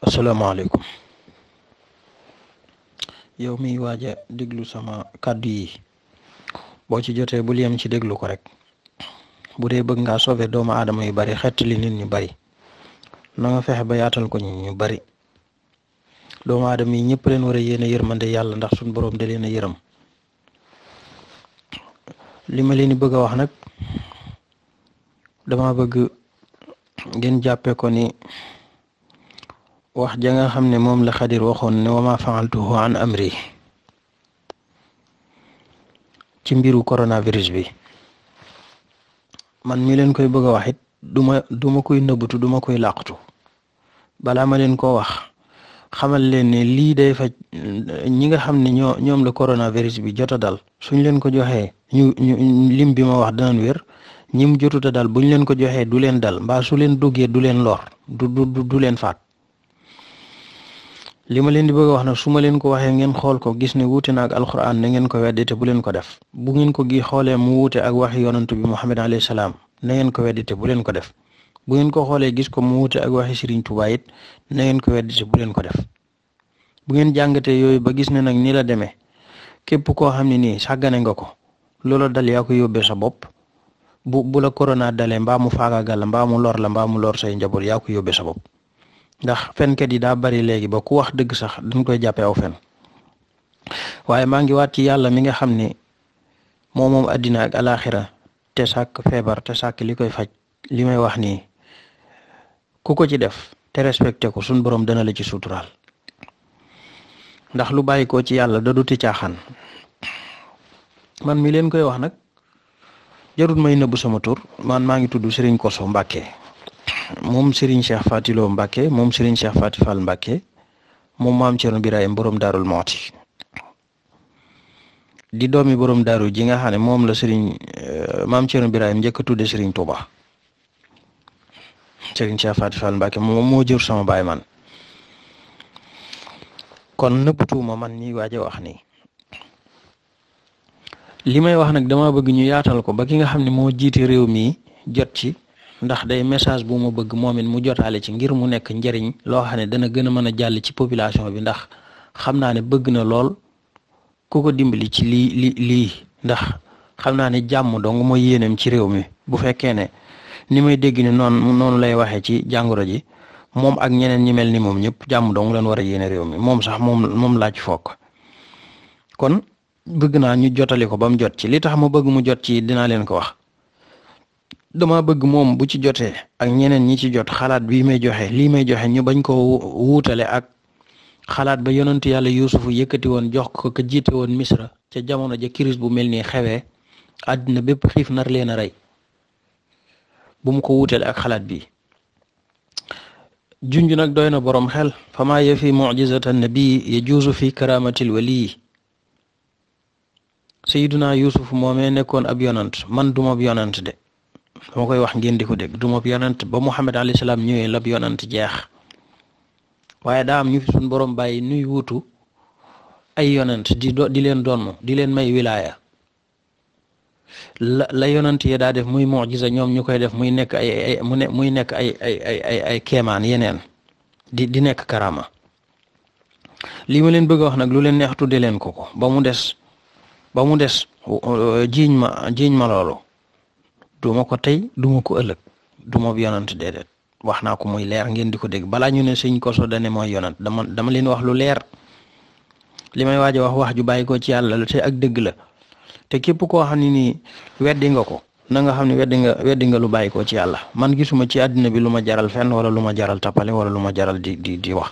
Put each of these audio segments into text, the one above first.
asalaamaaleykum yow mi waaja a déglu sama kàddu yi boo ci jotee bul yem ci déglu ko rek bu dee bëgg ngaa sauver doomu aadama yu bari xettali nit ñu bari na nga fexe ba yaatal ko ñu ñu bari doomu aadama yi ñëpp leen war a yéene yërmande yàlla ndax suñ boroom da leen a yërëm li ma leen bëgg a wax nag dama bëgg ngeen jàppee ko ni. wax ja nga xam ne moom la xadir waxoon ne wama fa'altuhu an amri ci mbiru coronavirus bi man mi leen koy bëgg a wax it du ma du koy nëbbutu duma koy làqtu balaa ma leen koo wax xamal leen ne lii day faj ñi nga xam ne ñoo ñoom la coronavirus bi jot dal suñ leen ko joxee ñu lim bi ma wax danañ wér ñi mu jotuta dal buñ leen ko joxee du leen dal mbaa su leen duggee du leen lor du du du leen faat. li ma leen di bëgg wax nag su ma leen ko waxee ngeen xool ko gis ne wute na ak alquran na ngeen ko weddi te bu leen ko def bu ngeen ko gi xoolee mu wuute ak waxi yonantu bi Muhammad alayhi salaam na ngeen ko weddi te bu leen ko def bu ngeen ko xoolee gis ko mu wuute ak waxi Serigne Touba it na ngeen ko weddi te bu leen ko def ngeen jàngatee yooyu ba gis ne nag nii la demee képp koo xam ne nii sàggane nga ko loola dal yaku ko yóbbee sa bopp bu bu la corona dalee mbaa mu faagaagal la mbaa mu lor la mbaa mu lor say njaboot yaa ko yóbbee sa bopp. ndax ke di da bari legi ba ku wax deug sax dañ koy jappé aw fen waye ma ngi wat ci yalla mi nga xamni mom mom adina ak alakhirah te sak febar te sak likoy faj wax ni ku ko ci def te respecté ko sun borom dana la ci sutural ndax lu bayiko ci yalla da ti man mi len koy wax nak jarut may neub sama tour man mangi ngi tuddu Serigne koso Mbacke Mum Serigne Cheikh lo mbake, mum Serigne Cheikh fal mbake, mom mam maam Thierno Birahim borom moti mooti di domi borom daru ji nga xane mom la Serigne eh, mam Thierno Birahim njëkk a tudde Serigne Touba Serigne Cheikh Faty Fall Mbacké jur sama baay man kon nëbbatuuma man ni waaj wax ni limay wax nak dama bëgg ñu yaatal ko ba ki nga xamni mo rew mi jot ci. ndax day message bu ma bëgg moom mu jotaale ci ngir mu nekk njëriñ loo xam ne dana gën a mën a jàll ci population bi ndax xam naa ne bëgg na lool ku ko dimbali ci lii li lii ndax xam naa ne jàmm dong mooy yéeneem ci réew mi bu fekkee ne ni may dégg ni noonu noonu lay waxee ci jàngoro ji moom ak ñeneen ñi mel ni moom ñëpp jàmm dong lan war a yéene réew mi moom sax moom moom laaj fokk kon bëgg naa ñu jotali ko ba mu jot ci li tax ma bëgg mu jot ci dinaa leen ko wax dama bëgg moom bu ci jotee ak ñeneen ñi ci jot xalaat bi may joxe lii may joxe ñu bañ ko wuutale ak xalaat ba yonent yàlla yusuf yëkkati woon jox ko ko jiite woon misra ca jamono ja kiris bu mel nii xewee àddina bépp xiif nar leen a rey bu mu ko wuutale ak xalaat bi junj nag doy na boroom xel fama yafi mucjizata nabi ya yajuusu fi karamatil waliyi sayiduna yusuf moomee nekkoon ab yonant man duma ab yonant de dama koy wax ngeen di ko dégg du moom yonent ba Muhammad alayhi salaam ñëwee lab yonent jeex waaye daa am ñu fi suñ borom bàyyi nuy wutu ay yonent di di leen doon di leen may wilaaya la la yonent yi daa def muy mucjisa ñoom ñu koy def muy nekk ay ay muy nekk ay ay ay ay keemaan yeneen di di nekk karama li ma leen bëgg a wax nag lu leen neex tudde leen ko ko ba mu des ba mu des jiiñ ma jiiñ ma loolu duma ko tey duma ko ëllëg duma yonant déedéet wax naa ko muy leer ngeen di ko dégg balaa ñu ne sëñ ko dane mooy yonant dama dama leen wax lu leer li may waaj wax wax ju bàyyi ko ci yàlla la te ak dëgg la te képp koo xam ne nii weddi nga ko na nga xam ne weddi nga lu bàyyi ko ci yàlla man gisuma ci àddina bi lu ma jaral fenn wala lu ma jaral tappale wala lu ma jaral di di di wax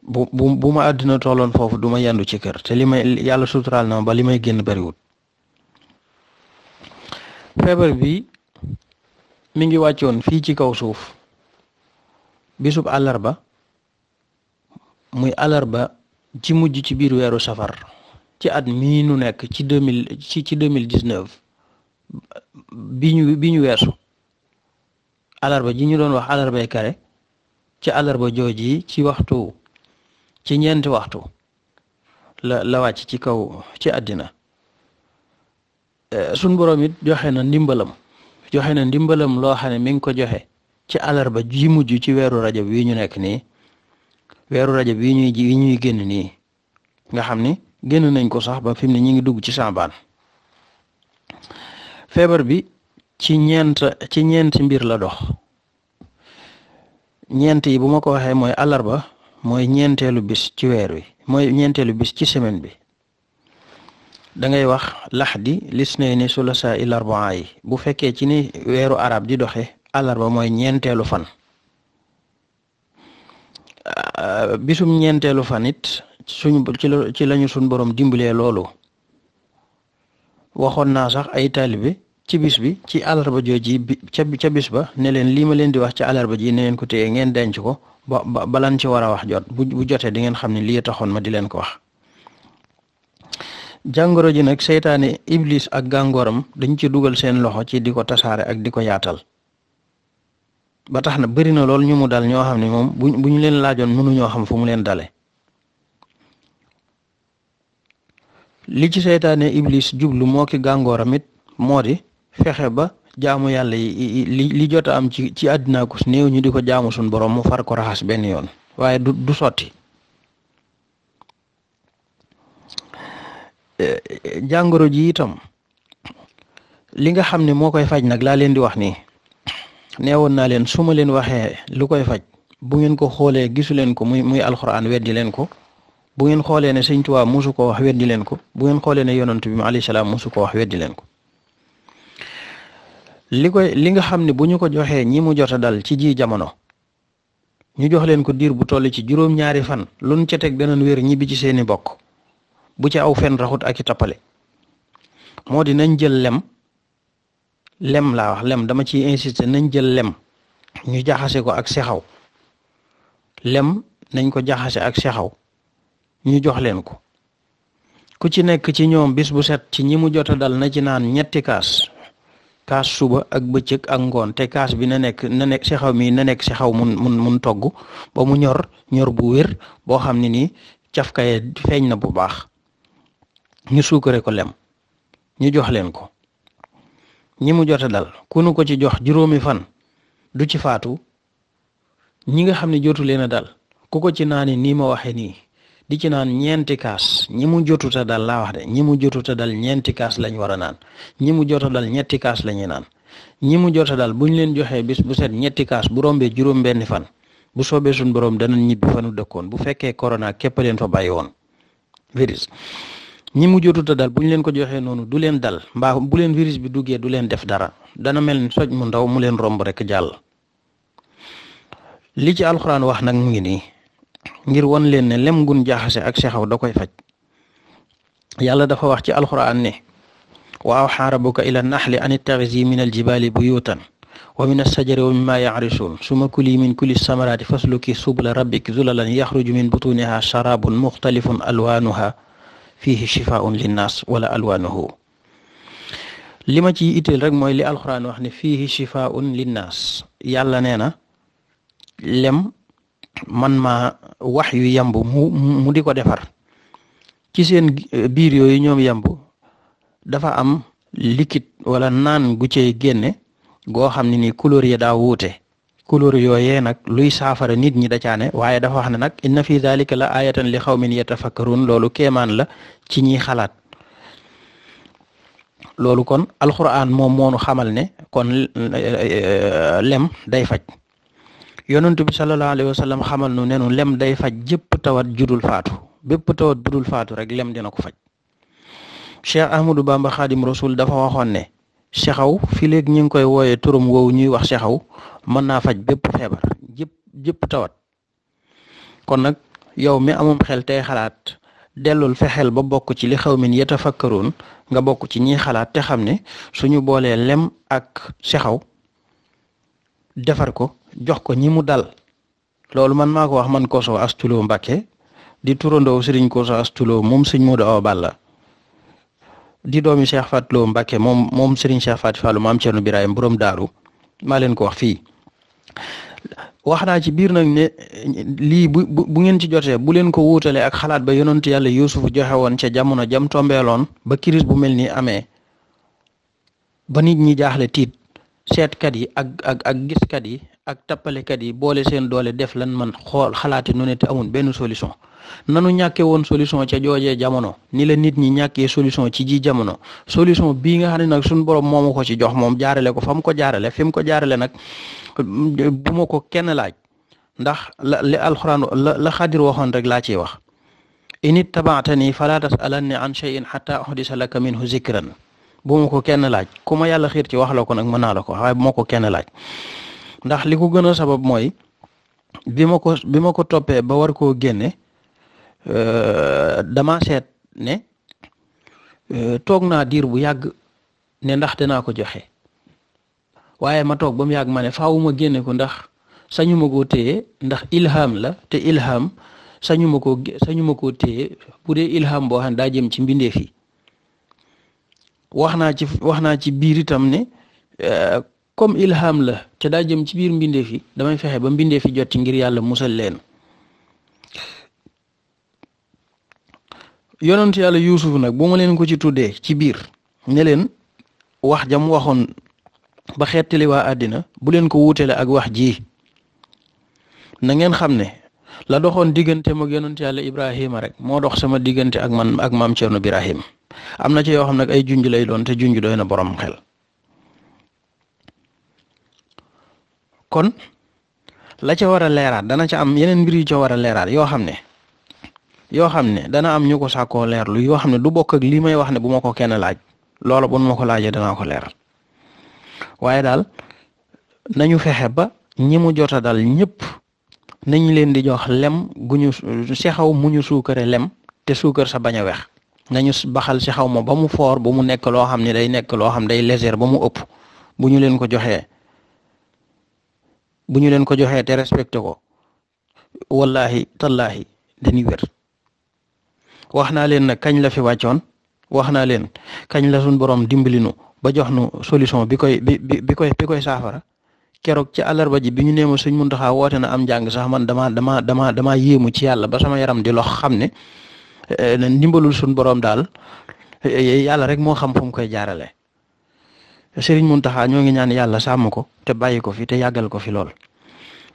bu bu bu ma àddina tolloon foofu du ma yendu ci kër te li may yàlla suturaal na ma ba li may génn bariwut feebar bi mu ngi wàccoon fii ci kaw suuf bisub àllarba muy àllarba ci mujj ci biir weeru safar ci at mi nu nekk ci deux mille ci ci mille dix neuf bi ñu bi ñu weesu àllarba ji ñu doon wax àllarbay kare ci àllarba jooji ci waxtu ci ñeenti waxtu la la wàcc ci kaw ci àddina Eh, suñ borom it joxe na ndimbalam joxe na ndimbalam loo xam ne mi ngi ko joxe ci alarba ji mujj ci weeru rajab wi ñu nekk nii weeru rajab wi ñuy ji ñuy génn nii nga xam ni génn nañ ko sax ba fi mu ne ñu ngi dugg ci sambaan feebar bi ci ñeent ci ñeenti mbir la dox ñeent yi bu ma ko waxee mooy alarba mooy ñeenteelu bis ci weer wi mooy ñeenteelu bis ci semaine bi da ngay wax lahdi lisnaini sulasa il arba'i bu fekke ci ni weeru arab di doxe alarba moy ñentelu fan ah, bisum ñentelu fan it suñu ci lañu sun borom dimbulé lolu waxon na sax ay talibé ci bis bi ci alarba jooji bi bis ba ne len li ma len di wax ci alarba ji ne len ko téye ngeen denc ko ba balan ci wara wax jot bu joté di ngeen xamni li taxon ma di len ko wax jàngoro ji nag seytaane iblis ak gàngooram dañ ci dugal seen loxo ci di ko tasaare ak di ko yaatal ba tax na bëri na lool ñu mu dal ñoo xam ne moom bu bu ñu leen laajoon ñoo xam fu mu leen dale li ci seytaane iblis jublu moo ki gàngooram it moo di fexe ba jaamu yàlla yi li li jot am ci ci àddina ku néew ñu di ko jaamu suñ borom mu far ko raxas benn yoon waaye du sotti. Eh, jàngoro ji itam li nga xam ne moo koy faj nag laa leen di wax nii neewoon naa leen su ma leen waxee lu koy faj bu ngeen ko xoolee gisu leen ko muy muy alxuraan weddi leen ko bu ngeen xoolee ne sëñ Tuubaa musu koo wax weddi leen ko bu ngeen xoolee ne yonent bi alayhi salaam musu koo wax weddi leen ko li koy li nga xam ne bu ñu ko joxee ñi mu jot a dal ci ji jamono ñu jox leen ko diir bu toll ci juróom-ñaari fan luñ ca teg danañ wér ñibbi ci seeni bokk. bu ci aw fen raxut ak tapale modi di nañ jël lem lem la wax lem dama ci insister nañ jël lem ñu jaxase ko ak xexaw lem nañ ko jaxase ak xexaw ñu jox leen ko ku ci nekk ci ñoom bis bu set ci ñi mu jota dal na ci naan ñetti kaas kaas suba ak bëccëg ak ngoon te kaas bi na nekk na nekk si mi na nekk si mun mun mun togg ba mu ñor ñor bu wér boo xam ni nii cafkaye bu baax ñu suukare ko lem ñu jox leen ko ñi mu jote dal ku nu ko ci jox juróomi fan du ci faatu ñi nga xam ne jotu leen a dal ku ko ci naani nii ma waxee nii di ci naan ñeenti kaas ñi mu jotuta dal laa wax de ñi mu jotuta dal ñeenti kaas lañu war a naan ñi mu jota dal ñetti kaas la ñuy naan ñi mu jota dal buñ leen joxee bis bu set ñetti kaas bu rombee juróom benni fan bu soobee suñ borom danañ ñibbi fanu dëkkoon bu fekkee corona képp leen fa bàyyi woon virus ñi mu jotuta dal bu ñu leen ko joxee noonu du leen dal mbaa bu leen virus bi duggee du leen def dara dana mel ni soj mu ndaw mu leen romb rek jàll li ci alxuraan wax nag mu ngi nii ngir won leen ne lem gun jaxase ak sexaw da koy faj yàlla dafa wax ci alxuraan ne wa awxaa rabbuka ila naxli an ittaxisi min aljibaali buyutan wa min alsajari wa mimma yacrisuun suma kuli min kuli samaraati fasluki subla rabbik zulalan yaxruju min butuniha sharabun muxtalifun alwaanuha fihi shifaun linnaas wala alwaanuhu li ma ci itteel rek mooy li alxuraan wax ne fihi shifaun linnaas yàlla nee na lem man ma wax yu yamb mu mu di ko defar ci seen biir ñoom yamb dafa am liquide wala naan gu cey génne goo xam ne ni couleur yi daa wuute couleur yooyee nag luy safara nit ñi da caane waaye dafa wax ne nag inna fi dalika la ayatan li xawmin yatafakkarun loolu kéemaan la ci ñiy xalaat loolu kon alquran moom monu xamal ne kon eh, eh, lem day faj yonentu bi sallallahu alayhi wa sallam xamal nu nenu lem day faj jëpp tawat judul faatu bépp tawat budul faatu rek lem de ko faj Cheikh Ahmadou Bamba Khadim Rasoul dafa waxoon sexaw fii léegi ñu ngi koy wooyee turam woowu ñuy wax sexaw mën naa faj bépp feebar jëpp jëpp tawat kon nag yow mi amum xel tey xalaat dellul fexeel ba bokk ci li xaw min yatafakkaroon nga bokk ci ñiy xalaat te xam ne suñu boolee lem ak sexaw defar ko jox ko ñi mu dal loolu man maa ko wax man Koso Astou Lo Mbacké di turandoo Serigne Koso Astou Lo moom sëñ Modou Awa Balla di doomi Cheikh Faty Lo Mbacke moom moom Serigne Cheikh Faty Fallou maam Birahim borom daaru maa leen ko wax fii wax naa ci biir nag ne lii bu bu ngeen ci jotee bu leen ko wuutalee ak xalaat ba yonent yàlla Yuusuf joxe woon ca jamono jam tombeeloon ba kiris bu mel nii amee ba nit ñi jaaxle tiit seetkat yi ak ak ak giskat yi ak tappalekat yi boole seen doole def lan man xool xalaati nu ne te amul benn solution nanu ñàkke woon solution ca joojee jamono ni la nit ñi ñàkkee solution ci ji jamono solution bii nga xam ne nag suñ borom moomu ko ci jox moom jaarale ko fa ko jaarale fi mu ko jaarale nag bu ma ko kenn laaj ndax la li alxuraan la la xadir waxoon rek laa ciy wax init tabaatani falaa tasalanni an cheyin xata uhdisa laka minhu zikran bu ma ko kenn laaj ku ma xiir ci wax la ko nag mën naa la ko waaye bu ma ko kenn laaj ndax li ko gën a sabab mooy bi ma ko bi ma ko toppee ba war ko génne Euh, dama seet ne euh, toog naa diir bu yàgg ne ndax danaa ko joxe waaye ma toog ba mu yàgg ma ne faawu génne ko ndax sañuma ma koo ndax ilham la te ilham sañuma ma koo sañu ilham boo xam ne daa jëm ci mbindeef yi wax naa ci wax naa ci biir itam ne euh, comme ilham la te daa jëm ci biir mbindeef yi damay fexe ba mbindeef yi jot ci ngir yàlla musal leen. yonent yàlla Yuusuf nag boo ma leen ko ci tuddee ci biir ne leen wax jam waxoon ba xettali waa àddina bu leen ko wuutele ak wax ji na ngeen xam ne la doxoon diggante mag yonent yàlla Ibrahima rek moo dox sama diggante ak man ak maam Cerno Birahim am na ca yoo xam nag ay junj lay doon te junju doy na borom xel kon la ca war a leeraat dana ca am yeneen mbir yu ca war a leeraat yoo xam ne. Yohamne, xamne dana am ñuko sako leer lu yohamne xamne du bokk ak limay wax ne buma ko kenn laaj loolu bu ma ko laajee ko leer waye dal nañu fexé ba ñimu mu dal ñepp nañ leen di jox lem guñu xexaw muñu lem te suukar sa baña wex nañu baxal ci xawma ba mu for bu mu nek lo xamni ne day nek lo xam day léger ba mu upp buñu leen ko joxé buñu leen ko joxé té respecté ko wallahi tallahi dañuy wër wax naa leen nag kañ la fi wàccoon wax naa leen kañ la suñ borom dimbali nu ba jox nu solution bi koy bi bi koy bi saafara keroog ci àllarba ji bi ñu neema suñ muntaxaa woote na am njàng sax man damaa dama dama damaa yéemu ci yàlla ba sama yaram di lox xam ne eh, ndimbalul suñ borom daal eh, yàlla rek moo xam fu koy jaarale Sëriñ Muntaxa ñoo ngi ñaan yàlla sàmm ko te bàyyi ko fi te yàggal ko fi lool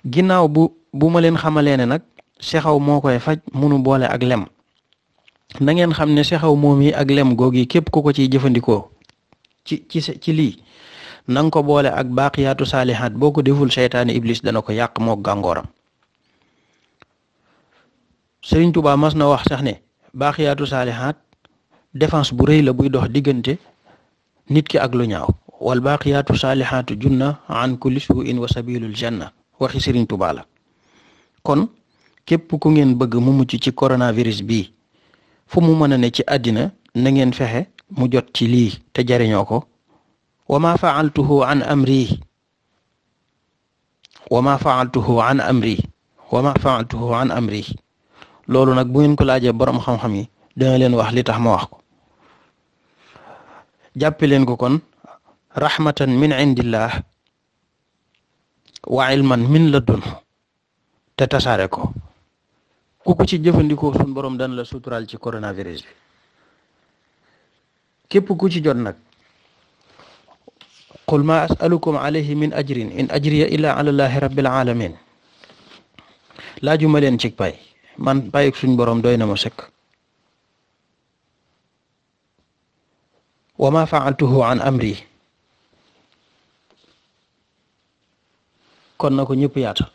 ginnaaw bu bu ma leen xamalee ne nag sexaw moo koy faj munu boole ak lem na ngeen xam ne sexaw moom yi ak lem goog yi képp ku ko ciy jëfandikoo ci ci ci lii nang ko boole ak baaqiyaatu saalihaat boo ko deful seytaani iblis dana ko yàq moo gàngooram Sëriñ Tuubaa mas na wax sax ne baaqiyaatu saalihaat défense bu rëy la buy dox diggante nit ki ak lu ñaaw wala baaqiyaatu saalihaatu junna an kulli suin wa sabilul janna waxi Sëriñ Tuubaa la kon képp ku ngeen bëgg mu mucc ci coronavirus bii fu mu mën a ne ci àddina nangeen ngeen fexe mu jot ci lii te jariñoo ko wa ma faaltuhu an amri wa ma faaltuhu an amri loolu nag bu ngeen ko laajee borom xam-xam yi dina leen wax li tax ma wax ko jàppe leen ko kon rahmatan min indillah wa ilman min ladunhu te tasaare ko ku ko ci jëfandikoo suñ borom dana la suturaal ci coronavirus bi képp ku ci jot nag qul ma asalukum alayhi min ajrin in ajriya illa ala llahi alamin laajuma leen cig pay man payuk suñ borom doy na ma sëkk wa ma faaltuhu an amri kon na ko ñëpp yaatal